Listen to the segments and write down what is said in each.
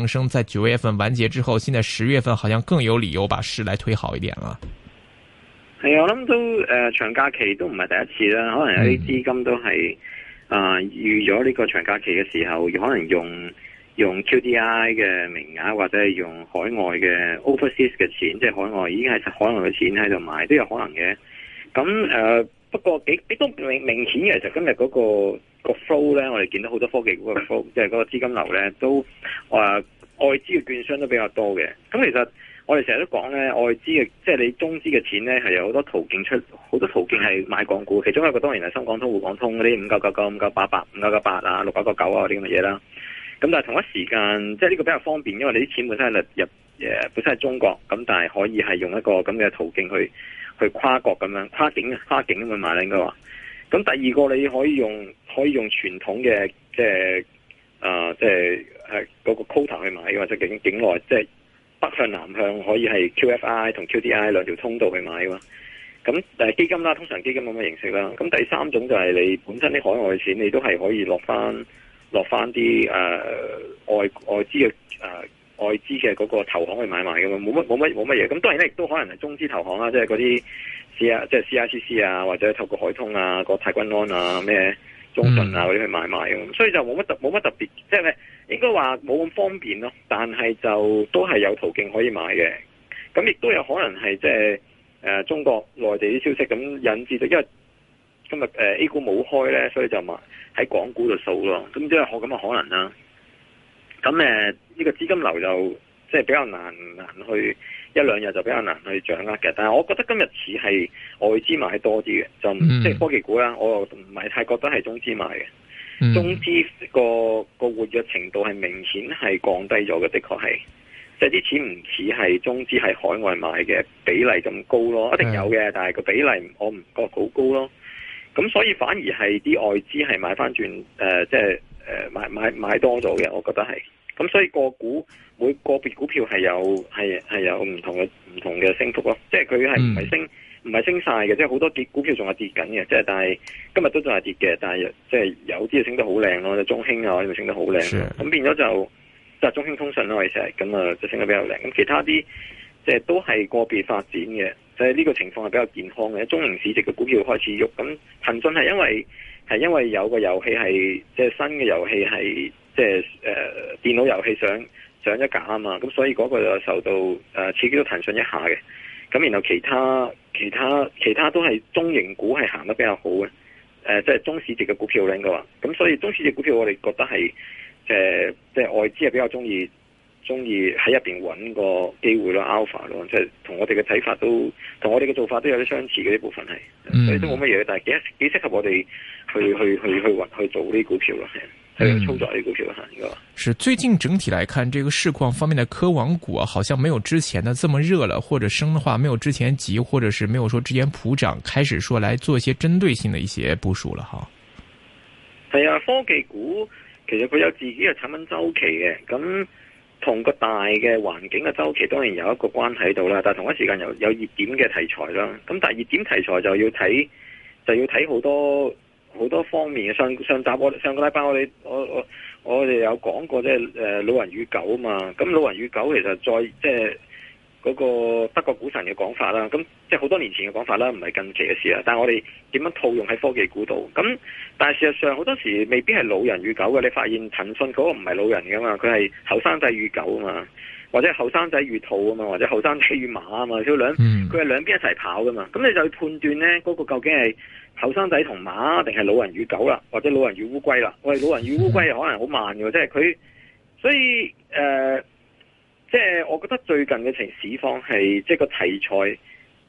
上升在九月份完結之後，現在十月份好像更有理由把市來推好一點啦。係啊，我諗都誒、呃、長假期都唔係第一次啦，可能有啲資金都係啊預咗呢個長假期嘅時候，可能用用 QDII 嘅名額或者係用海外嘅 Overseas 嘅錢，即係海外已經係海外嘅錢喺度買都有可能嘅。咁誒。呃不過幾幾多明明顯嘅就今日嗰個個 flow 咧，我哋見到好多科技股嘅 flow，即係嗰個資金流咧都啊外資嘅券商都比較多嘅。咁其實我哋成日都講咧，外資嘅即係你中資嘅錢咧，係有好多途徑出，好多途徑係買港股。其中一個當然係深港通、滬港通嗰啲五九九九、五九八八、五九九八啊、六九九九啊嗰啲咁嘅嘢啦。咁但係同一時間，即係呢個比較方便，因為你啲錢本身係入誒本身係中國，咁但係可以係用一個咁嘅途徑去。去跨國咁樣，跨境跨境咁樣去買咧，應該話。咁第二個你可以用可以用傳統嘅，即係啊即係係嗰個 quota 去買嘅，或者境境內即係北向南向可以係 QFI 同 QDI 兩條通道去買嘅嘛。咁誒基金啦，通常基金咁嘅形式啦？咁第三種就係你本身啲海外錢，你都係可以落翻落翻啲誒外外資嘅誒。呃外資嘅嗰個投行去買賣嘅嘛，冇乜冇乜冇乜嘢，咁當然咧，亦都可能係中資投行啦，即係嗰啲 C 啊，即係 CICC 啊，或者透過海通啊、國泰君安啊、咩中信啊嗰啲去買賣嘅，咁、嗯、所以就冇乜特冇乜特別，即係咧應該話冇咁方便咯、啊，但係就都係有途徑可以買嘅，咁亦都有可能係即係誒中國內地啲消息咁引致到，因為今日誒、呃、A 股冇開咧，所以就咪喺港股度掃咯，咁即係我咁嘅可能啦、啊。咁誒，呢、這個資金流就即係比較難，難去一兩日就比較難去掌握嘅。但係我覺得今日似係外資買多啲嘅，嗯、就即係科技股啦、啊，我唔係太覺得係中資買嘅。嗯、中資個個活躍程度係明顯係降低咗嘅，的確係即係啲錢唔似係中資喺海外買嘅比例咁高咯，一定有嘅，嗯、但係個比例我唔覺好高咯。咁所以反而係啲外資係買翻轉、呃、即係。誒，買買買多咗嘅，我覺得係，咁所以個股每個別股票係有係係有唔同嘅唔同嘅升幅咯，即係佢係唔係升唔係升晒嘅，即係好多跌股票仲係跌緊嘅，即係但係今日都仲係跌嘅，但係即係有啲嘢升得好靚咯，就中興啊呢度升得好靚，咁變咗就即就中興通訊咯，其實咁啊，就升得比較靚，咁其他啲即係都係個別發展嘅。呢個情況係比較健康嘅，中型市值嘅股票開始喐。咁騰訊係因為係因為有個遊戲係即係新嘅遊戲係即係誒電腦遊戲上上一架啊嘛，咁所以嗰個就受到誒刺激到騰訊一下嘅。咁然後其他其他其他都係中型股係行得比較好嘅，誒即係中市值嘅股票嚟嘅話，咁所以中市值股票我哋覺得係誒即係外資係比較中意。中意喺入邊揾個機會咯，Alpha 咯，即係同我哋嘅睇法都，同我哋嘅做法都有啲相似嘅呢部分係，嗯、所以都冇乜嘢，但係幾幾適合我哋去去去去去做呢啲股票咯，嗯、去操作呢啲股票咯，應該，係最近整體來看，這個市況方面嘅科網股啊，好像沒有之前的這麼熱了，或者升的話沒有之前急，或者是沒有說之前普漲，開始說來做一些針對性嘅一些部署了哈。係啊，科技股其實佢有自己嘅產品周期嘅，咁。同個大嘅環境嘅周期當然有一個關係度啦，但係同一時間有有熱點嘅題材啦。咁但係熱點題材就要睇，就要睇好多好多方面嘅。上上集我上個禮拜我哋我我我哋有講過即係、呃、老人與狗啊嘛。咁老人與狗其實再即係。嗰個德國股神嘅講法啦，咁即係好多年前嘅講法啦，唔係近期嘅事啦。但係我哋點樣套用喺科技股度？咁但係事實上好多時未必係老人與狗嘅。你發現騰訊嗰個唔係老人㗎嘛，佢係後生仔與狗啊嘛，或者後生仔與兔啊嘛，或者後生仔與馬啊嘛，佢兩佢係兩邊一齊跑嘅嘛。咁你就去判斷咧，嗰、那個究竟係後生仔同馬定係老人與狗啦，或者老人與烏龜啦？喂，老人與烏龜可能好慢嘅，嗯、即係佢，所以誒。呃即係我覺得最近嘅情市況係，即係個題材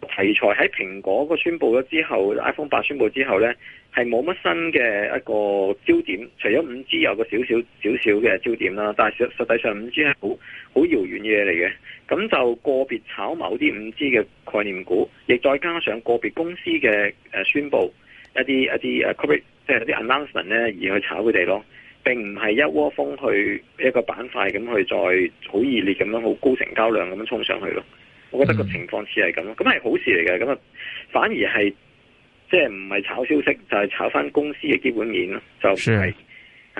題材喺蘋果個宣布咗之後，iPhone 8宣布之後呢，係冇乜新嘅一個焦點，除咗五 G 有個少少少少嘅焦點啦，但係實實際上五 G 係好好遙遠嘅嘢嚟嘅。咁就個別炒某啲五 G 嘅概念股，亦再加上個別公司嘅宣布一啲一啲 cover，即係啲 announcement 呢而去炒佢哋咯。並唔係一窩蜂去一個板塊咁去再好熱烈咁樣好高成交量咁樣衝上去咯，我覺得個情況似係咁咯，咁係、嗯、好事嚟嘅，咁啊反而係即係唔係炒消息，就係、是、炒翻公司嘅基本面咯，就唔係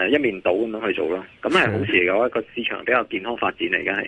一面倒咁樣去做咯，咁係好事嚟嘅話，個市場比較健康發展嚟嘅係。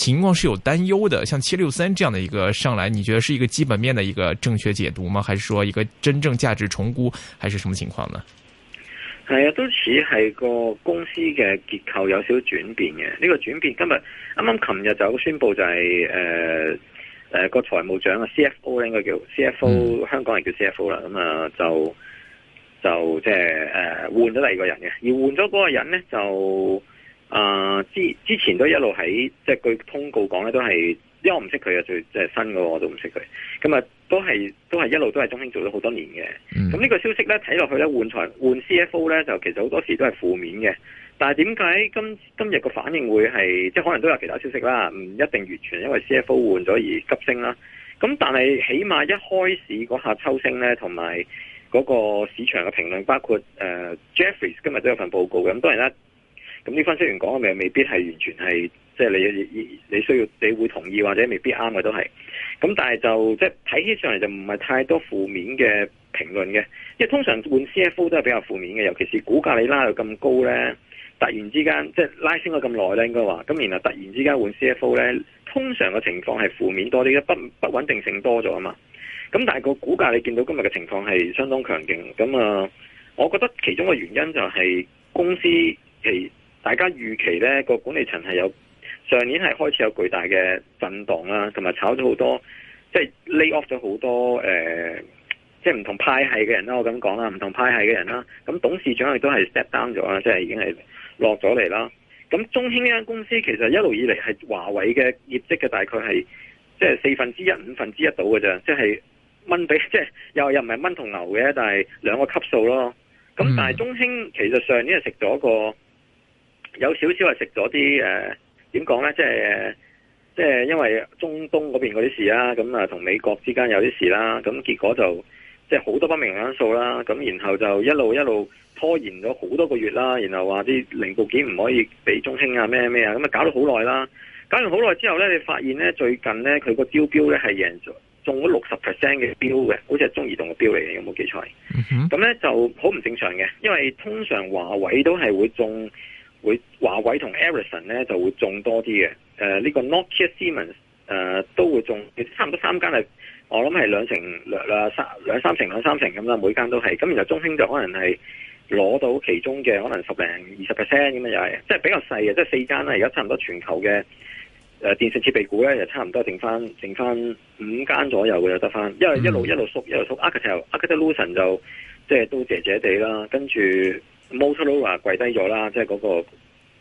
情況是有擔憂的，像七六三這樣的一個上來，你覺得是一個基本面的一個正確解讀嗎？還是說一個真正價值重估，還是什麼情況呢？係啊，都似係個公司嘅結構有少轉變嘅。呢、這個轉變今日啱啱琴日就宣布就係誒誒個財務長啊 CFO 咧應該叫 CFO、嗯、香港人叫 CFO 啦。咁、嗯、啊就就即係誒換咗第二個人嘅，而換咗嗰個人呢，就。啊，之、呃、之前都一路喺即係佢通告講咧，都係因為我唔識佢嘅最即係、就是、新嘅我都唔識佢。咁啊，都係都係一路都係中興做咗好多年嘅。咁呢、嗯、個消息咧睇落去咧換財換 CFO 咧就其實好多時都係負面嘅。但係點解今今日個反應會係即係可能都有其他消息啦，唔一定完全因為 CFO 換咗而急升啦。咁但係起碼一開始嗰下抽升咧，同埋嗰個市場嘅評論，包括、呃、Jefferies 今日都有份報告嘅。咁當然啦。咁呢分析員講嘅咪未必係完全係，即係你你需要你會同意或者未必啱嘅都係。咁但係就即係睇起上嚟，就唔係太多負面嘅評論嘅，即係通常換 CFO 都係比較負面嘅，尤其是股價你拉到咁高咧，突然之間即係拉升咗咁耐咧，應該話，咁然後突然之間換 CFO 咧，通常嘅情況係負面多啲，不不穩定性多咗啊嘛。咁但係個股價你見到今日嘅情況係相當強勁，咁啊，我覺得其中嘅原因就係公司其大家預期呢個管理層係有上年係開始有巨大嘅震盪啦，同埋炒咗好多，即係 lay off 咗好多誒，即係唔同派系嘅人啦。我咁講啦，唔同派系嘅人啦。咁董事長亦都係 step down 咗啦，即係已經係落咗嚟啦。咁中興呢間公司其實一路以嚟係華為嘅業績嘅大概係即係四分之一、五分之一到嘅啫，即係蚊比即係又又唔係蚊同牛嘅，但係兩個級數咯。咁但係中興其實上年係食咗個。有少少係食咗啲誒點講咧，即係即係因為中東嗰邊嗰啲事啦，咁啊同美國之間有啲事啦，咁結果就即係好多不明因素啦，咁然後就一路一路拖延咗好多個月啦，然後話啲零部件唔可以俾中興啊咩咩啊，咁啊搞到好耐啦，搞完好耐之後咧，你發現咧最近咧佢個標標咧係贏咗中咗六十 percent 嘅標嘅，ill, 好似係中移動嘅標嚟嘅，有冇記錯？咁咧、mm hmm. 就好唔正常嘅，因為通常華為都係會中。會華為同 Ericsson 咧就會中多啲嘅，誒、呃、呢、這個 Nokia、ok、Siemens 誒、呃、都會中，其實差唔多三間係，我諗係兩成兩三兩三成兩三成咁啦，每間都係。咁然後中興就可能係攞到其中嘅可能十零二十 percent 咁樣又係，即係比較細嘅，即係四間啦。而家差唔多全球嘅誒、呃、電信設備股咧，又差唔多剩翻剩翻五間左右嘅得翻，因為一路一路縮一路縮 Alcatel Alcatel-Lucent 就即係都姐姐地啦，跟住。Motorola 跪低咗啦，即係嗰個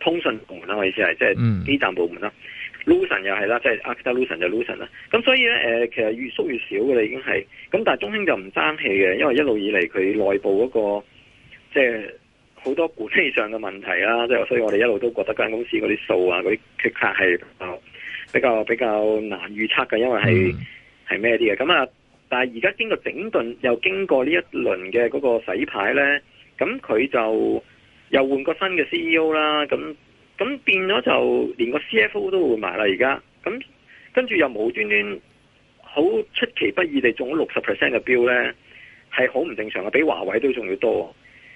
通訊部門啦，我意思係即係基站部門啦、mm. Lucent 又係啦，即係阿克特 Lucent 就 Lucent、是、啦，咁所以咧誒、呃，其實越縮越少嘅啦，已經係，咁但係中興就唔爭氣嘅，因為一路以嚟佢內部嗰、那個即係好多管理上嘅問題啦，即係所以我哋一路都覺得間公司嗰啲數啊，嗰啲決策係比較比較難預測嘅，因為係係咩啲嘅，咁啊、mm.，但係而家經過整頓，又經過呢一輪嘅嗰個洗牌咧。咁佢就又換個新嘅 CEO 啦，咁咁變咗就連個 CFO 都換埋啦。而家咁跟住又無端端好出其不意地中咗六十 percent 嘅標呢，係好唔正常嘅，比華為都仲要多。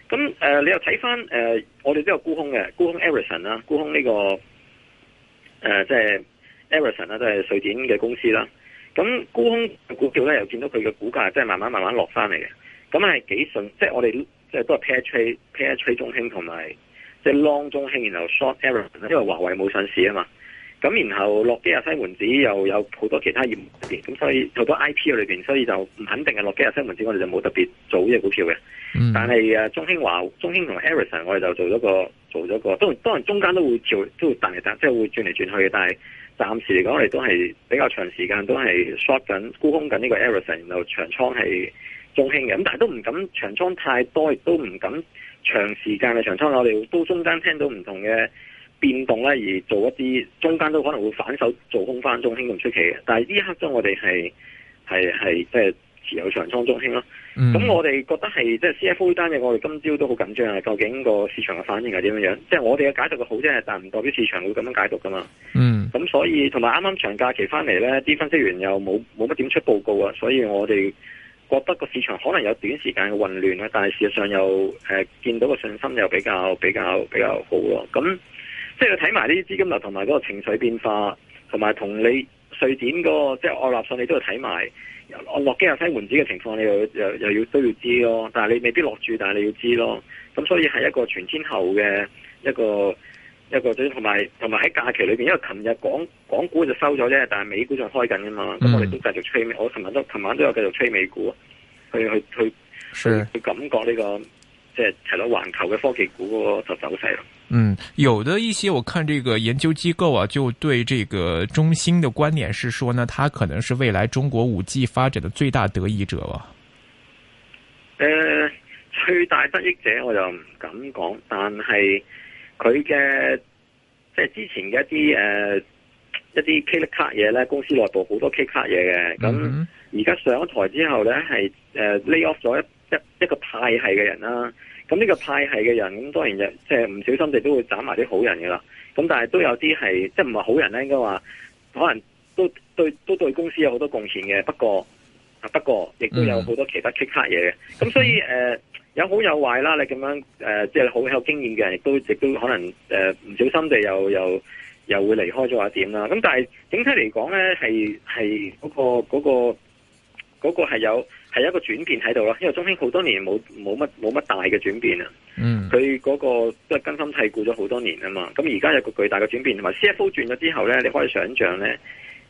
咁誒、呃，你又睇翻誒，我哋都有沽空嘅沽空 Ericsson 啦，沽空呢、啊這個誒即係 Ericsson 啦，都、呃、係、就是、瑞典嘅公司啦。咁沽空股票呢，又見到佢嘅股價真係慢慢慢慢落翻嚟嘅，咁係幾順？即、就、係、是、我哋。即係都係 pair trade，pair trade 中興同埋即係 long 中興，然後 short Ericsson 因為華為冇上市啊嘛。咁然後諾基亞西門子又有好多其他業務咁所以好多 IP 喺裏面，所以就唔肯定嘅諾基亞西門子，我哋就冇特別做呢個股票嘅。嗯、但係中興華、中興同 Ericsson 我哋就做咗個做咗個，當然當然中間都會跳，都會彈嚟彈，即係會轉嚟轉去嘅。但係暫時嚟講，我哋都係比較長時間都係 short 緊沽空緊呢個 Ericsson 然後長倉係。中興嘅，咁但係都唔敢長倉太多，亦都唔敢長時間嘅長倉。我哋都中間聽到唔同嘅變動咧，而做一啲中間都可能會反手做空翻中興咁出奇嘅。但係呢一刻中我，我哋係係係即係持有長倉中興咯。咁、嗯、我哋覺得係即係 CFO 呢單嘢，我哋今朝都好緊張啊！究竟個市場嘅反應係點樣樣即係、即係、我哋嘅解讀嘅好啫，但唔代表市場會咁樣解讀噶嘛。嗯。咁所以同埋啱啱長假期翻嚟咧，啲分析員又冇冇乜點出報告啊，所以我哋。覺得個市場可能有短時間嘅混亂啦，但係事實上又誒、呃、見到個信心又比較比較比較好咯。咁即係睇埋呢啲資金流同埋嗰個情緒變化，同埋同你瑞典嗰個即係愛立信，你都要睇埋。我諾基亞西門子嘅情況，你又又又，又要都要知咯。但係你未必落住，但係你要知咯。咁所以係一個全天候嘅一個。一個同埋同埋喺假期裏邊，因為琴日港港股就收咗啫，但係美股仲開緊噶嘛，咁、嗯、我哋都繼續吹美，我琴晚都琴晚都有繼續吹美股，去去去是去感覺呢、這個即係睇到環球嘅科技股嗰個走走勢咯。嗯，有的一些，我看這個研究機構啊，就對這個中興的觀點是說呢，他可能是未來中國五 G 發展的最大得益者啊。誒、呃，最大得益者，我就唔敢講，但係。佢嘅即係之前嘅一啲誒、呃、一啲 kickback 嘢咧，公司內部好多 kickback 嘢嘅。咁而家上咗台之後咧，係誒、呃、lay off 咗一一一個派系嘅人啦。咁呢個派系嘅人，咁當然即係唔小心地都會斬埋啲好人嘅啦。咁但係都有啲係即係唔係好人咧，應該話可能都對都對公司有好多貢獻嘅。不過不過亦都有好多其他 kickback 嘢嘅。咁、嗯、所以誒。呃有好有壞啦，你咁樣誒、呃，即係好有經驗嘅人，亦都亦都可能誒，唔小心地又又又會離開咗一點啦。咁但係整體嚟講咧，係係嗰個嗰、嗰個嗰、嗰個係有係一個轉變喺度咯。因為中興好多年冇冇乜冇乜大嘅轉變啊。嗯、mm. 那個，佢嗰個即係根深蒂固咗好多年啊嘛。咁而家有個巨大嘅轉變，同埋 CFO 轉咗之後咧，你可以想象咧，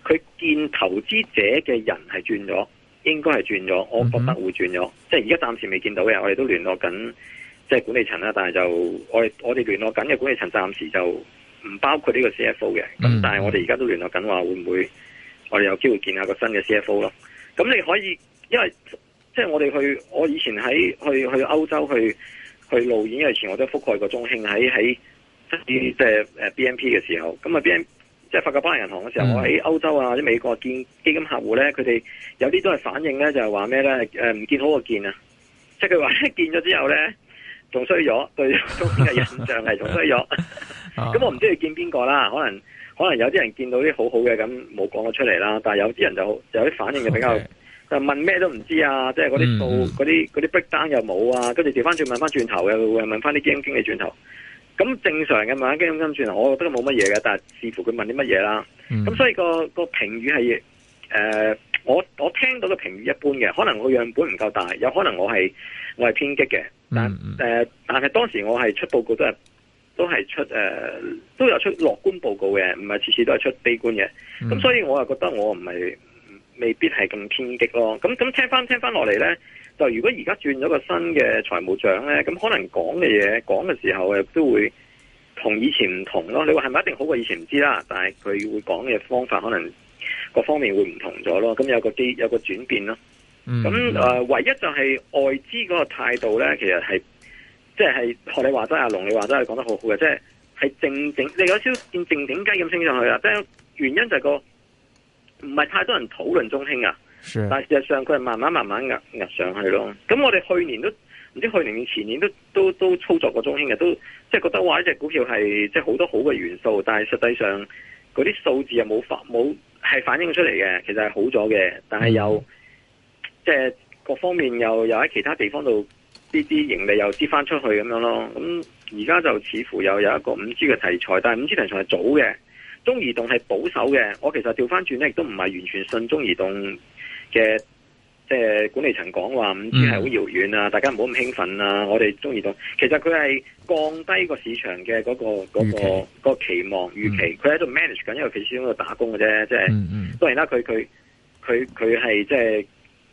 佢見投資者嘅人係轉咗。應該係轉咗，我覺得會轉咗。嗯、哼即係而家暫時未見到嘅，我哋都聯絡緊，即係管理層啦。但係就我哋我哋聯絡緊嘅管理層，暫時就唔包括呢個 CFO 嘅。咁、嗯、哼但係我哋而家都聯絡緊話，會唔會我哋有機會見下個新嘅 CFO 咯？咁你可以，因為即係我哋去，我以前喺去去歐洲去去路演，因為以前我都覆蓋過中興喺喺，即係誒 B M P 嘅時候。咁啊 B M 即係法國巴黎銀行嘅時候，我喺歐洲啊或者美國見基金客戶咧，佢哋有啲都係反應咧，就係話咩咧？誒、呃、唔見好過見啊！即係佢話見咗之後咧，仲衰咗，對中堅嘅印象係仲衰咗。咁我唔知佢見邊個啦，可能可能有啲人見到啲好好嘅咁冇講咗出嚟啦，但係有啲人就有啲反應就比較，就問咩都唔知啊！即係嗰啲數、嗰啲啲 break down 又冇啊，跟住調翻轉問翻轉頭嘅，問翻啲基金經理轉頭。咁正常嘅嘛，基金周轉，我覺得冇乜嘢嘅。但係視乎佢問啲乜嘢啦。咁、嗯、所以、那個個評語係誒、呃，我我聽到嘅評語一般嘅，可能我樣本唔夠大，有可能我係我係偏激嘅。但誒、呃，但係當時我係出報告都係都係出誒、呃，都有出樂觀報告嘅，唔係次次都係出悲觀嘅。咁、嗯、所以我又覺得我唔係未必係咁偏激咯。咁咁聽翻聽翻落嚟咧。就如果而家轉咗個新嘅財務長咧，咁可能講嘅嘢講嘅時候，都會同以前唔同咯。你話係咪一定好過以前唔知啦，但係佢會講嘅方法可能各方面會唔同咗咯。咁有個機有個轉變咯。咁、嗯呃、唯一就係外資嗰個態度咧，其實係即係學你話齋阿龍，你話齋係講得好好嘅，即係靜靜，整你有少見靜靜雞咁升上去啦。即係、原因就係個唔係太多人討論中興啊。是但事實上佢係慢慢慢慢壓壓上去咯。咁我哋去年都唔知道去年前年都都都操作過中興嘅，都即係覺得哇，呢隻股票係即係好多好嘅元素，但係實際上嗰啲數字又冇反冇係反映出嚟嘅，其實係好咗嘅，但係又有即係各方面又又喺其他地方度呢啲盈利又跌翻出去咁樣咯。咁而家就似乎又有一個五 G 嘅題材，但係五 G 題材係早嘅，中移動係保守嘅，我其實調翻轉咧亦都唔係完全信中移動。嘅即係管理層講話唔知係好遙遠啊，嗯、大家唔好咁興奮啊！我哋中意到，其實佢係降低個市場嘅嗰、嗰個、嗰個預期個期望預期，佢喺度 manage 緊，因為佢始終喺度打工嘅啫。即、就、係、是嗯嗯、當然啦，佢佢佢佢係即係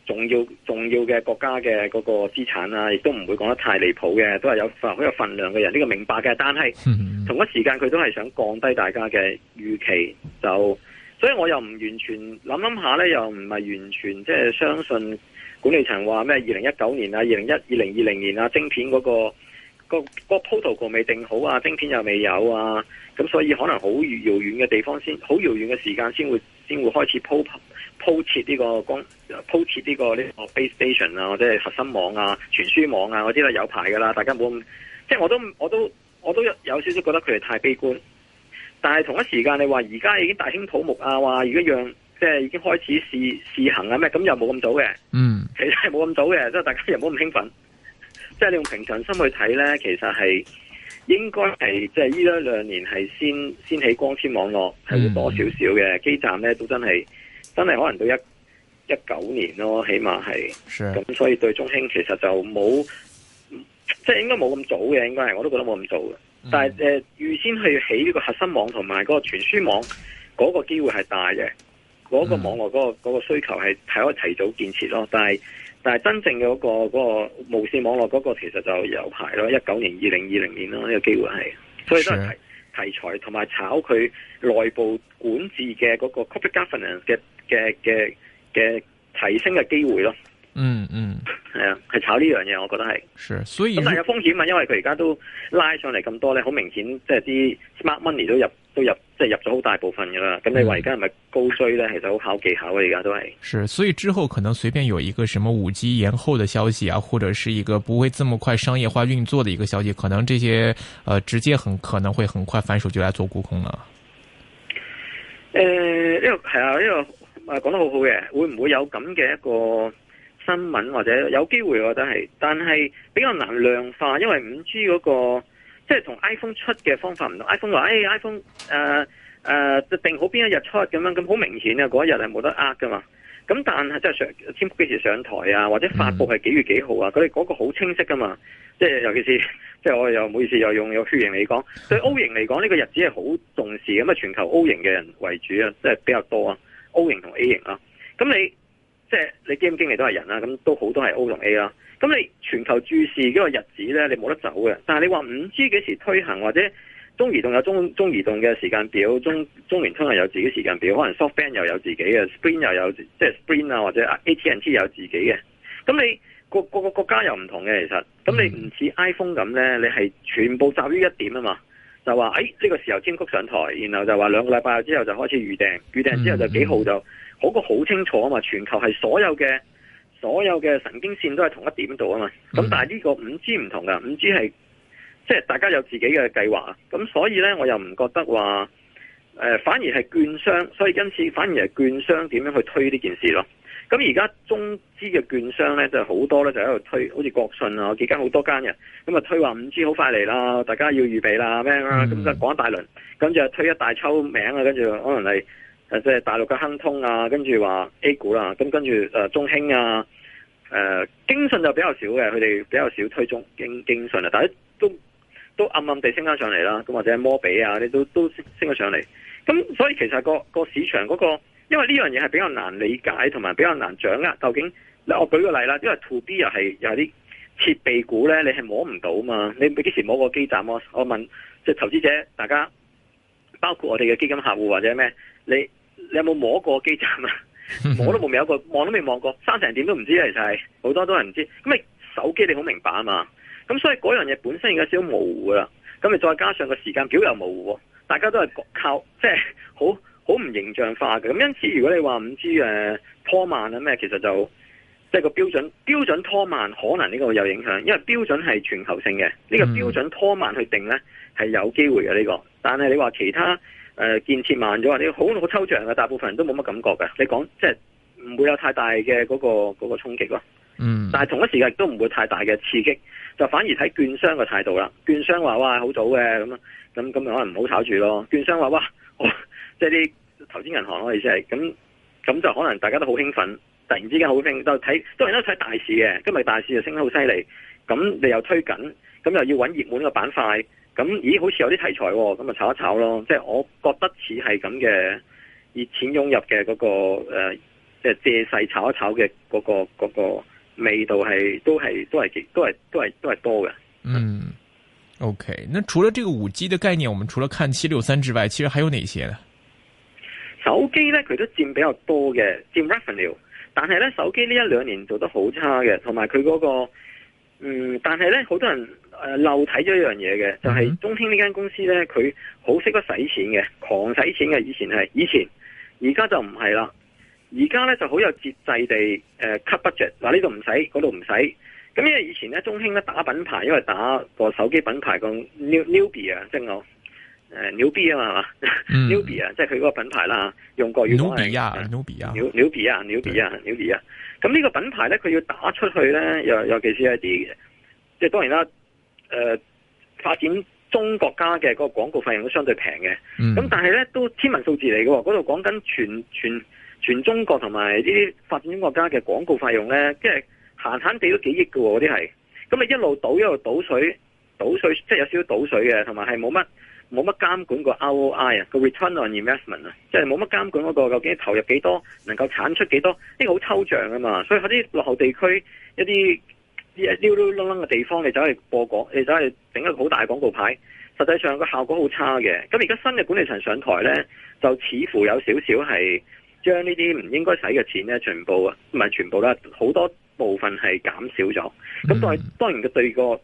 重要重要嘅國家嘅嗰個資產啊，亦都唔會講得太離譜嘅，都係有份好有份量嘅人。呢、呢個明白嘅，但係、嗯嗯、同一時間佢都係想降低大家嘅預期就。所以我又唔完全諗諗下咧，又唔係完全即係相信管理層話咩？二零一九年啊，二零一二零二零年啊，晶片嗰、個、個、個 protocol 未定好啊，晶片又未有啊，咁所以可能好遙遠嘅地方先，好遙遠嘅時間先會先會開始鋪鋪設呢個光鋪設呢個呢個 base station 啊，或者係核心網啊、傳輸網啊，我知道有排噶啦，大家冇咁，即係我都我都我都有少少覺得佢哋太悲觀。但係同一時間，你話而家已經大興土木啊，話而家讓即係已經開始試試行啊咩？咁又冇咁早嘅。嗯，其實係冇咁早嘅，即係大家又冇咁興奮。即係你用平常心去睇呢，其實係應該係即係呢一兩年係先先起光纖網絡，係會多少少嘅基站呢都真係真係可能到一一九年咯，起碼係。咁的所以對中興其實就冇，即係應該冇咁早嘅，應該係我都覺得冇咁早嘅。嗯、但係誒，呃、預先去起呢個核心網同埋個傳輸網，嗰個機會係大嘅，嗰個網絡，嗰個嗰、嗰個，需求係可以提早建設咯。但係但係真正嘅嗰、嗰個嗰、嗰個無線網絡嗰個其實就有排咯，一九年，二零二零年咯呢，呢個機會係，所以都係的題材同埋炒佢內部管治嘅個 copy governance 嘅嘅嘅嘅提升嘅機會咯。嗯嗯，係、嗯、啊，係炒呢樣嘢，我覺得係。是，所以咁但係有風險啊，因為佢而家都拉上嚟咁多咧，好明顯，即係啲 smart money 都入，都入，即係入咗好大部分噶啦。咁你話而家係咪高追咧？嗯、其實好考技巧啊。而家都係。是，所以之後可能隨便有一個什麼五 G 延後嘅消息啊，或者是一個不會這麼快商業化運作嘅一個消息，可能這些，呃，直接很可能會很快反手就來做沽空啦。誒、呃，呢、這個係啊，呢、這個啊講得很好好嘅，會唔會有咁嘅一個？新聞或者有機會，我覺得係，但係比較難量化，因為五 G 嗰、那個即係、就、同、是、iPhone 出嘅方法唔同。Mm hmm. iPhone 話：哎，iPhone，誒、呃、誒、呃、定好邊一日出咁樣，咁好明顯啊！嗰一日係冇得呃噶嘛。咁但係即係上，添幾時上台啊？或者發布係幾月幾號啊？佢哋嗰個好清晰噶嘛。即、就、係、是、尤其是，即、就、係、是、我又唔好意思，又用有血型嚟講，對 O 型嚟講，呢、這個日子係好重視咁啊！全球 O 型嘅人為主啊，即、就、係、是、比較多啊。O 型同 A 型啊，咁你。即係你基金經理、啊、都係人啦，咁都好多係 O 同 A 啦。咁你全球注視呢個日子咧，你冇得走嘅。但係你話五 G 幾時推行，或者中移動有中中移動嘅時間表，中中聯通又有自己時間表，可能 SoftBank 又有自己嘅 Sprint 又有即係、就是、Sprint 啊，或者 AT&T 有自己嘅。咁你個個個國家又唔同嘅，其實咁你唔似 iPhone 咁咧，你係全部集於一點啊嘛。就話誒呢個時候尖谷上台，然後就話兩個禮拜之後就開始預訂，預訂之後就幾號就，嗯嗯、好過好清楚啊嘛，全球係所有嘅所有嘅神經線都係同一點度啊嘛，咁、嗯、但係呢個五 G 唔同㗎，五 G 係即係大家有自己嘅計劃，咁所以呢，我又唔覺得話、呃、反而係券商，所以今次反而係券商點樣去推呢件事咯。咁而家中資嘅券商咧，就好多咧，就喺度推，好似國信啊，幾間好多間嘅。咁啊，推話五 G 好快嚟啦，大家要預備啦，咩啊、嗯嗯？咁就講一大輪，跟住就推一大抽名啊，跟住可能係即係大陸嘅亨通啊，跟住話 A 股啦、啊，咁跟住、呃、中興啊，誒、呃、京信就比較少嘅，佢哋比較少推中京京信啊，但係都都暗暗地升翻上嚟啦，咁或者摩比啊，你都都升升咗上嚟。咁所以其實個、個市場嗰、個。因為呢樣嘢係比較難理解，同埋比較難掌握。究竟，我舉個例啦，因為 to B 又係又係啲設備股咧，你係摸唔到嘛？你幾時摸過基站啊？我問，即係投資者，大家包括我哋嘅基金客戶或者咩？你你有冇摸過基站啊？ 摸都冇未有個，望都未望過，生成點都唔知，其實係好多人都人唔知。咁你手機你好明白啊嘛，咁所以嗰樣嘢本身而家少少模糊啦。咁你再加上個時間表又模糊，大家都係靠即係好，好唔形象化嘅，咁因此如果你話唔知拖慢啊咩，其實就即係、就是、個標準標準拖慢可能呢個會有影響，因為標準係全球性嘅，呢、這個標準拖慢去定呢，係有機會嘅呢、這個。但係你話其他、呃、建設慢咗，呢好好抽象嘅，大部分人都冇乜感覺嘅。你講即係唔會有太大嘅嗰、那個嗰、那個衝擊咯。嗯。但係同一時間亦都唔會有太大嘅刺激，就反而睇券商嘅態度啦。券商話哇好早嘅咁，咁咁可能唔好炒住咯。券商話哇。哇即係啲投資銀行咯、啊，意思係咁咁就可能大家都好興奮，突然之間好興，就睇都係都睇大市嘅，今日大市就升得好犀利，咁你又推緊，咁又要揾熱門嘅板塊，咁咦好似有啲題材喎、哦，咁咪炒一炒咯。即係我覺得似係咁嘅熱錢湧入嘅嗰、嗰個、呃、即係借勢炒一炒嘅嗰、嗰個嗰個嗰個味道係都係都係都係都係都係多嘅。嗯，OK。那除了這個五 G 的概念，我們除了看七六三之外，其實還有哪些呢？手機咧，佢都佔比較多嘅，佔 revenue。但係咧，手機呢一兩年做得好差嘅，同埋佢嗰個，嗯，但係咧，好多人誒漏睇咗一樣嘢嘅，就係中興呢間公司咧，佢好識得使錢嘅，狂使錢嘅，以前係，以前，而家就唔係啦。而家咧就好有節制地 u cut budget，嗱呢度唔使，嗰度唔使。咁因為以前咧，中興咧打品牌，因為打個手機品牌個 new newbie 啊，即係我。誒，牛逼啊嘛，n 嘛對，牛逼啊，即係佢嗰個品牌啦，用國語。啊。n 呀，牛逼啊 n 牛逼呀，啊 n 呀，牛逼啊。咁呢個品牌咧，佢要打出去咧，尤尤其是一啲，嘅。即係當然啦，誒、呃，發展中國家嘅嗰個廣告費用都相對平嘅。咁、mm. 但係咧都天文數字嚟嘅，嗰度講緊全全全中國同埋呢啲發展中國家嘅廣告費用咧，即係閒閒地都幾億嘅嗰啲係，咁你一路倒一路倒水，倒水，倒水即係有少少倒水嘅，同埋係冇乜。冇乜監管個 ROI 啊，個 return on investment 啊，即係冇乜監管嗰個究竟投入幾多，能夠產出幾多？呢個好抽象啊嘛，所以嗰啲落後地區一啲一溜溜楞楞嘅地方，你走去播廣，你走去整一個好大嘅廣告牌，實際上個效果好差嘅。咁而家新嘅管理層上台呢，就似乎有少少係將呢啲唔應該使嘅錢呢，全部唔係全部啦，好多部分係減少咗。咁但係當然佢對個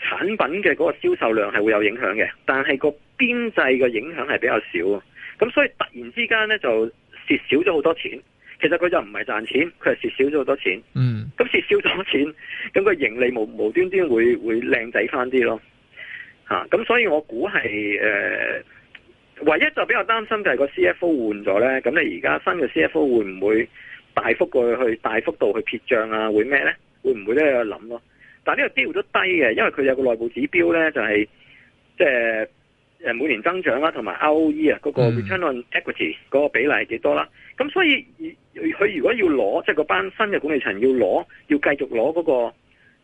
產品嘅嗰個銷售量係會有影響嘅，但係個邊際嘅影響係比較少，咁所以突然之間呢，就蝕少咗好多錢。其實佢就唔係賺錢，佢係蝕少咗好多錢。嗯，咁蝕少咗錢，咁佢盈利無，無端端會會靚仔翻啲咯。咁、啊、所以我估係誒，唯一就比較擔心就係個 CFO 換咗呢。咁你而家新嘅 CFO 會唔會大幅嘅去大幅度去撇帳啊？會咩呢？會唔會咧有諗咯？但呢個機會都低嘅，因為佢有個內部指標咧、就是，就係即係每年增長啦，同埋 ROE 啊，嗰個 return on equity 嗰個比例係幾多啦？咁、嗯、所以佢如果要攞，即係個班新嘅管理層要攞，要繼續攞嗰、嗰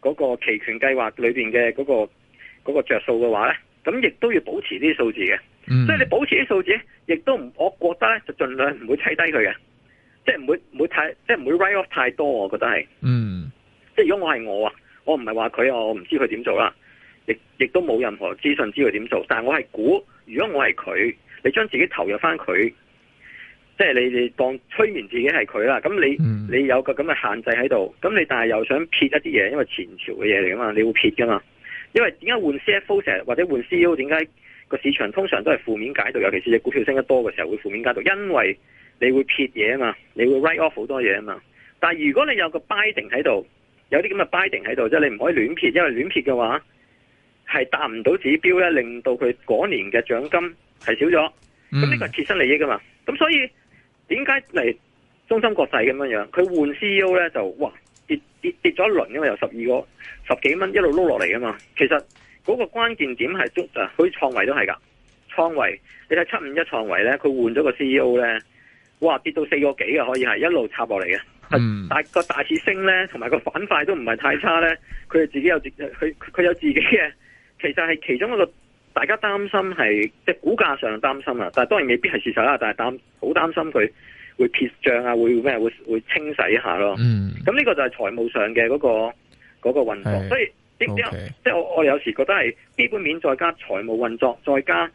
個嗰個期權計劃裏面嘅嗰、嗰個着、嗰個數嘅話咧，咁亦都要保持啲數字嘅。嗯、所以你保持啲數字，亦都唔我覺得咧，就儘量唔會砌低佢嘅，即係唔會唔、就是、會太即係唔會 write off 太多，我覺得係。嗯，即係如果我係我啊。我唔係話佢我唔知佢點做啦，亦亦都冇任何資訊知佢點做。但我係估，如果我係佢，你將自己投入翻佢，即係你哋當催眠自己係佢啦。咁你你有個咁嘅限制喺度，咁你但係又想撇一啲嘢，因為前朝嘅嘢嚟噶嘛，你會撇噶嘛。因為點解換 CFO 成日或者換 CEO 點解個市場通常都係負面解讀，尤其是你股票升得多嘅時候會負面解讀，因為你會撇嘢啊嘛，你會 write off 好多嘢啊嘛。但如果你有個 buying 喺度。有啲咁嘅 binding 喺度啫，你唔可以亂撇，因為亂撇嘅話係達唔到指標咧，令到佢嗰年嘅獎金係少咗。咁呢個係切身利益噶嘛？咁所以點解嚟中芯國際咁樣樣？佢換 C E O 咧就哇跌跌跌咗一輪噶嘛，由十二個十幾蚊一路撈落嚟噶嘛。其實嗰個關鍵點係足啊，佢創維都係噶創維。你睇七五一創維咧，佢換咗個 C E O 咧，哇跌到四個幾嘅，可以係一路插落嚟嘅。嗯、大個大市升咧，同埋個板塊都唔係太差咧。佢哋自己有自佢佢有自己嘅，其實係其中一個大家擔心係即係股價上擔心啊。但係當然未必係事實啦。但係擔好擔心佢會撇賬啊，會咩會會清洗一下咯。咁呢、嗯、個就係財務上嘅嗰、嗰個嗰、嗰個運作。是所以點 okay, 即係我我有時覺得係基本面再加財務運作，再加誒嗰、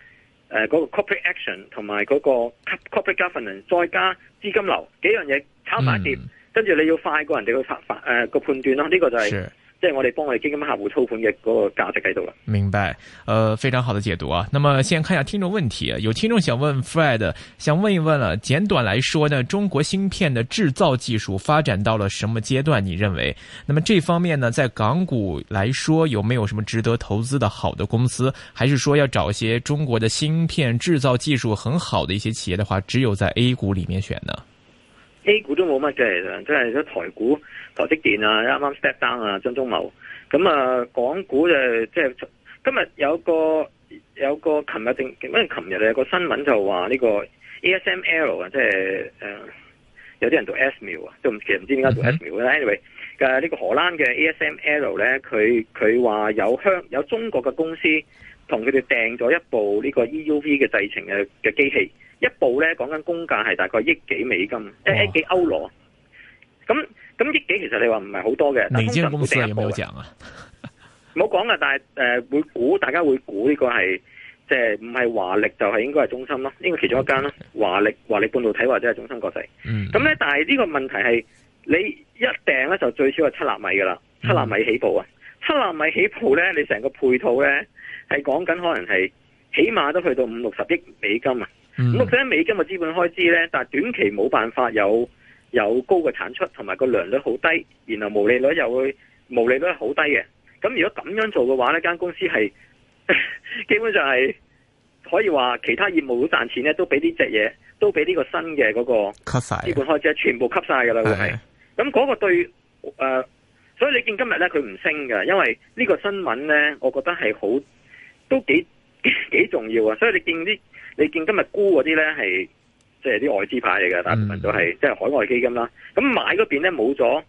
呃嗰個 corporate action 同埋嗰個 corporate governance，再加資金流幾樣嘢炒埋一碟。嗯跟住你要快過人哋個策反誒個判斷咯、啊，呢、這個就係、是、是即係我哋幫我哋基金客戶操盤嘅嗰個價值喺度啦。明白，呃，非常好的解讀啊。那麼先看一下聽眾問題、啊，有聽眾想問 Fred，想問一問了、啊、簡短來說呢，中國芯片的製造技術發展到了什麼階段？你認為？那麼這方面呢，在港股來說，有沒有什麼值得投資的好的公司？還是說要找一些中國的芯片製造技術很好的一些企業的話，只有在 A 股裏面選呢？A 股都冇乜嘅，即係台股、台積電啊，啱啱 step down 啊，張忠謀。咁、嗯、啊，港股就即、是、係今日有個有個琴日正，因為琴日有個新聞就話呢個 ASML 啊、就是，即係誒，有啲人讀 s m u 啊，即係唔知唔知點解讀 s m l 嘅啦。Anyway，嘅呢個荷蘭嘅 ASML 咧，佢佢話有香有中國嘅公司同佢哋訂咗一部呢個 EUV 嘅製程嘅嘅機器。一部咧講緊公價係大概億幾，幾美金，億億、哦、幾歐羅。咁咁億幾其實你話唔係好多嘅，中心公司有冇只啊？冇講啊，但係誒、呃、會估，大家會估呢個係即係唔係華力就係、是、應該係中芯咯？應該其中一間咯，華 力、華力半導體或者係中芯國際。咁咧、嗯，但係呢個問題係你一訂咧就最少係七納米㗎啦，七納米起步啊，七納、嗯、米起步咧，你成個配套咧係講緊可能係起碼都去到五六十億美金啊！咁六十億美金嘅資本開支咧，但係短期冇辦法有有高嘅產出，同埋個良率好低，然後毛利率又會毛利率好低嘅。咁如果咁樣做嘅話，呢間公司係 基本上係可以話其他業務好賺錢咧，都俾呢隻嘢，都俾呢個新嘅嗰個資本開支，全部吸晒噶啦，係咁嗰個對誒、呃，所以你見今日咧佢唔升㗎，因為呢個新聞咧，我覺得係好都幾幾重要啊，所以你見啲。你見今日沽嗰啲咧係即係啲外資牌嚟嘅，大部分都係即係海外基金啦。咁買嗰邊咧冇咗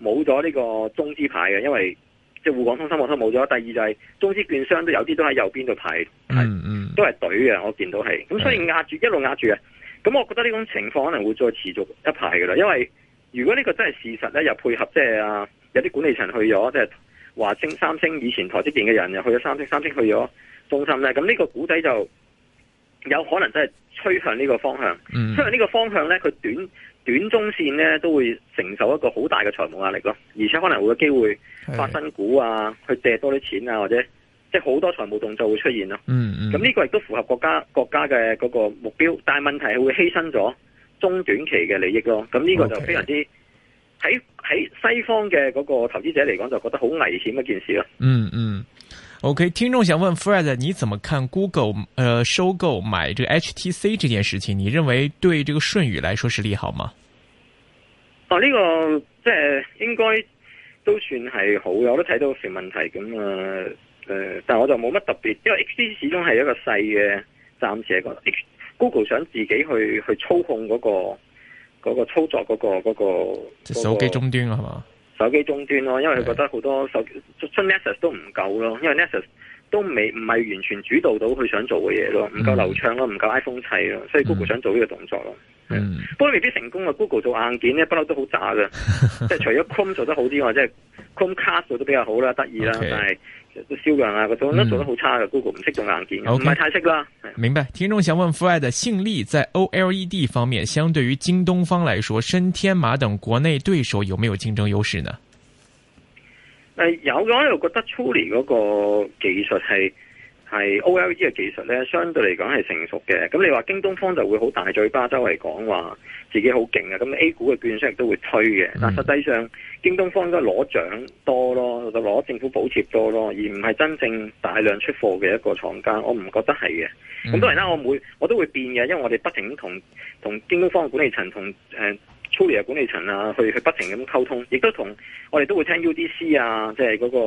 冇咗呢個中資牌嘅，因為即係滬港通、深港通冇咗。第二就係中資券商有都有啲都喺右邊度排，嗯、mm hmm. 都係隊嘅。我見到係咁，所以壓住一路壓住嘅。咁我覺得呢種情況可能會再持續一排嘅啦。因為如果呢個真係事實咧，又配合即係、就是、啊，有啲管理層去咗，即、就、係、是、華星、三星以前台積電嘅人又去咗三星，三星去咗中芯咧，咁呢個故仔就。有可能真係趨向呢個方向，趨向呢個方向呢，佢短短中綫呢都會承受一個好大嘅財務壓力咯，而且可能會有機會發生股啊，是的 去借多啲錢啊，或者即係好多財務動作會出現咯。嗯嗯。咁呢個亦都符合國家國家嘅嗰個目標，但係問題係會犧牲咗中短期嘅利益咯。咁呢個就非常之喺喺西方嘅嗰個投資者嚟講，就覺得好危險一件事咯。嗯嗯。OK，聽眾想問 Fred，你怎麼看 Google，呃收購買這個 HTC 這件事情？你認為對這個舜宇來說是利好嗎？啊、哦、呢、這個即係、呃、應該都算係好嘅，我都睇到成問題咁啊，誒、嗯呃，但我就冇乜特別，因為 X、TC、始終係一個細嘅暫時個，Google 想自己去去操控嗰、那個、那個操作嗰、那個、那個即、那個、手機終端啊嘛。手機終端咯，因為佢覺得好多手出是的 Nexus 都唔夠咯，因為 Nexus 都未唔係完全主導到佢想做嘅嘢咯，唔夠流暢咯，唔夠 iPhone 砌咯，所以 Google、嗯、想做呢個動作咯。嗯，不過未必成功啊。Google 做硬件咧，不嬲都好渣㗎， 即係除咗 Chrome 做得好啲外，即係 Chrome Cast 做得比較好啦，得意啦，Okay. 但係啲銷量啊，嗰種都做得好差嘅，Google 唔識做硬件，唔係 Okay, 太識啦。明白，聽眾想問 f r e 的信利，在 OLED 方面，相對於京東方來說，深天馬等國內對手有沒有競爭優勢呢？誒、呃，有嘅，我覺得初嚟嗰個技術係。係 OLED 嘅技術咧，相對嚟講係成熟嘅。咁你話京東方就會好大嘴巴，周圍講話自己好勁啊！咁 A 股嘅券商亦都會推嘅。但實際上，京東方應該攞獎多咯，就攞政府補貼多咯，而唔係真正大量出貨嘅一個廠家。我唔覺得係嘅。咁當然啦，我每我都會變嘅，因為我哋不停同同京東方嘅管理層同誒。管理層啊，去去不停咁溝通，亦都同我哋都會聽 UDC 啊，即係嗰個、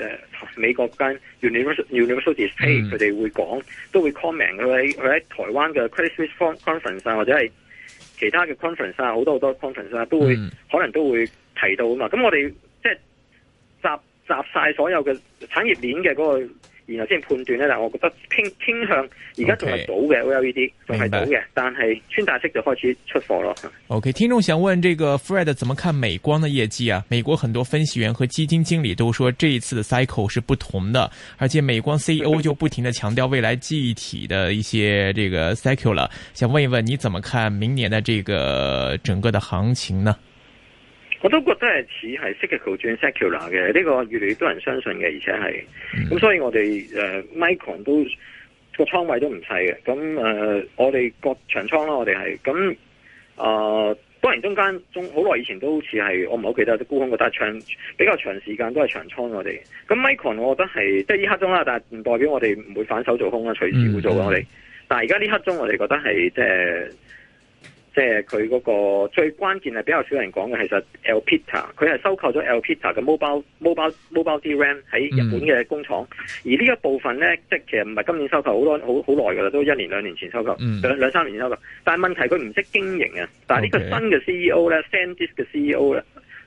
呃、美國間 Un al, Universal Universal Display 佢哋會講，都會 comment 佢喺佢喺台灣嘅 Christmas Conference 啊，或者係其他嘅 Conference 啊，好多好多 Conference 啊，都會、嗯、可能都會提到啊嘛。咁我哋即係集集晒所有嘅產業鏈嘅嗰、嗰個。然後先判斷咧，但我覺得傾傾向而家仲係倒嘅，O L E D 仲係倒嘅，但係穿戴式就開始出貨咯。OK，聽眾想問這個 Fred 怎麼看美光的業績啊？美國很多分析員和基金經理都說這一次的 cycle 是不同的，而且美光 C E O 就不停的強調未來記憶體的一些這個 cycle 啦。想問一問你怎麼看明年的這個整個的行情呢？我都覺得係似係 cyclical 轉 secular 嘅，呢、這個越嚟越多人相信嘅，而且係咁，mm hmm. 所以我哋誒、uh, micron 都個倉位都唔細嘅，咁誒、uh, 我哋割長倉啦，我哋係咁啊，uh, 當然中間中好耐以前都好似係我唔屋企都有得沽空嘅，但係比較長時間都係長倉我哋。咁 micron 我覺得係即係呢刻鐘啦，但係唔代表我哋唔會反手做空啦，隨時會做我哋。Mm hmm. 但係而家呢刻鐘我哋覺得係即係。即係佢嗰個最關鍵係比較少人講嘅，其實 Elpida 佢係收購咗 Elpida 嘅 mobile mobile mobile DRAM 喺日本嘅工廠，嗯、而呢一部分咧，即係其實唔係今年收購好多，好多好好耐㗎啦，都一年兩年前收購，嗯、兩,兩三年前收購。但係問題佢唔識經營啊！但係呢個新嘅 CEO 咧 SanDisk 嘅 CEO 咧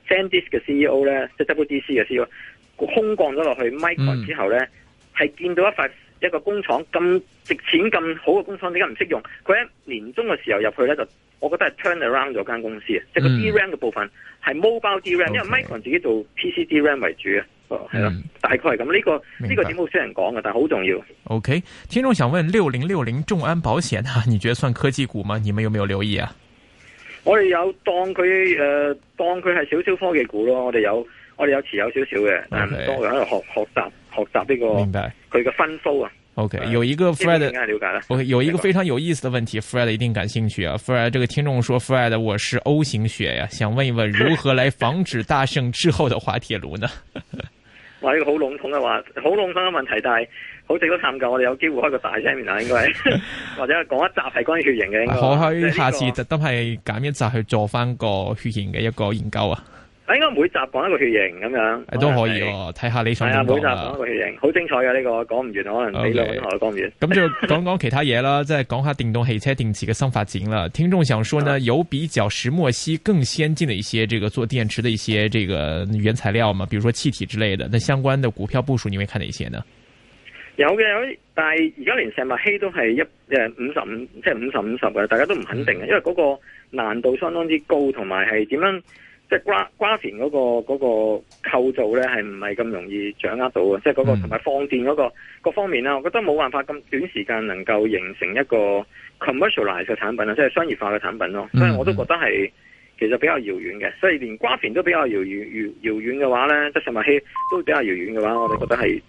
SanDisk 嘅 CEO 咧，即、就、係、是、WDC 嘅 CEO，空降咗落去 Micron、嗯、之後咧，係見到一塊一個工廠咁值錢咁好嘅工廠，點解唔識用？佢喺年中嘅時候入去咧就。我覺得係 turn around 咗間公司啊，即、這、係個 DRAM 嘅部分係 mobile DRAM，因為 Micron 自己做 PCDRAM 為主啊，哦係咯，大概係咁，呢、這個呢白個點好少人講嘅，但係好重要。OK，聽眾想問六零六零眾安保險啊，你覺得算科技股嗎？你們有冇留意啊？我哋有當佢誒、呃，當佢係少少科技股咯，我哋有我哋有持有少少嘅，但係當佢喺度學學習學習呢、這個，明白佢嘅分數啊。OK，有一個 Fred，我、okay, 有一個非常有意思的問題，Fred 一定感興趣啊。Fred，這個聽眾說，Fred，我是 O 型血呀、啊，想問一問如何來防止大聖之後的滑鐵盧呢？話一、 這個好籠統嘅話，好籠統嘅問題，但係好值得探究。我哋有機會開個大聲面啊，應該， 或者講一集係關於血型嘅，可唔可以下次特登係揀一集去做翻個血型嘅一個研究啊？應該每集講一個血型咁樣，都可以，睇下你想講。係啊，每集講一個血型，好精彩嘅呢、這個，講唔完，可能幾兩日都講唔完。咁 Okay. 就講講其他嘢啦，即係講下電動汽車電池嘅新發展啦。聽眾想說呢，嗯、有比較石墨烯更先進嘅一些，這個做電池嘅一些這個原材料嘛，比如說氣體之類的。那相關的股票部署，你會看哪些呢？有嘅，但係而家連石墨烯都係一誒五十五，即係五十五十嘅，大家都唔肯定、嗯、因為嗰個難度相當之高，同埋係點樣？即係瓜瓜田嗰、嗰個嗰、嗰個構造咧，係唔係咁容易掌握到、嗯、即係嗰、嗰個同埋放電嗰、嗰個各方面啦，我覺得冇辦法咁短時間能夠形成一個 commercialize 嘅產品啊，即係商業化嘅產品咯。嗯、所以我都覺得係其實比較遙遠嘅，所以連瓜田都比較遙遠，遙遠嘅話咧，即係柴米都比較遙遠嘅話，我哋覺得係。哦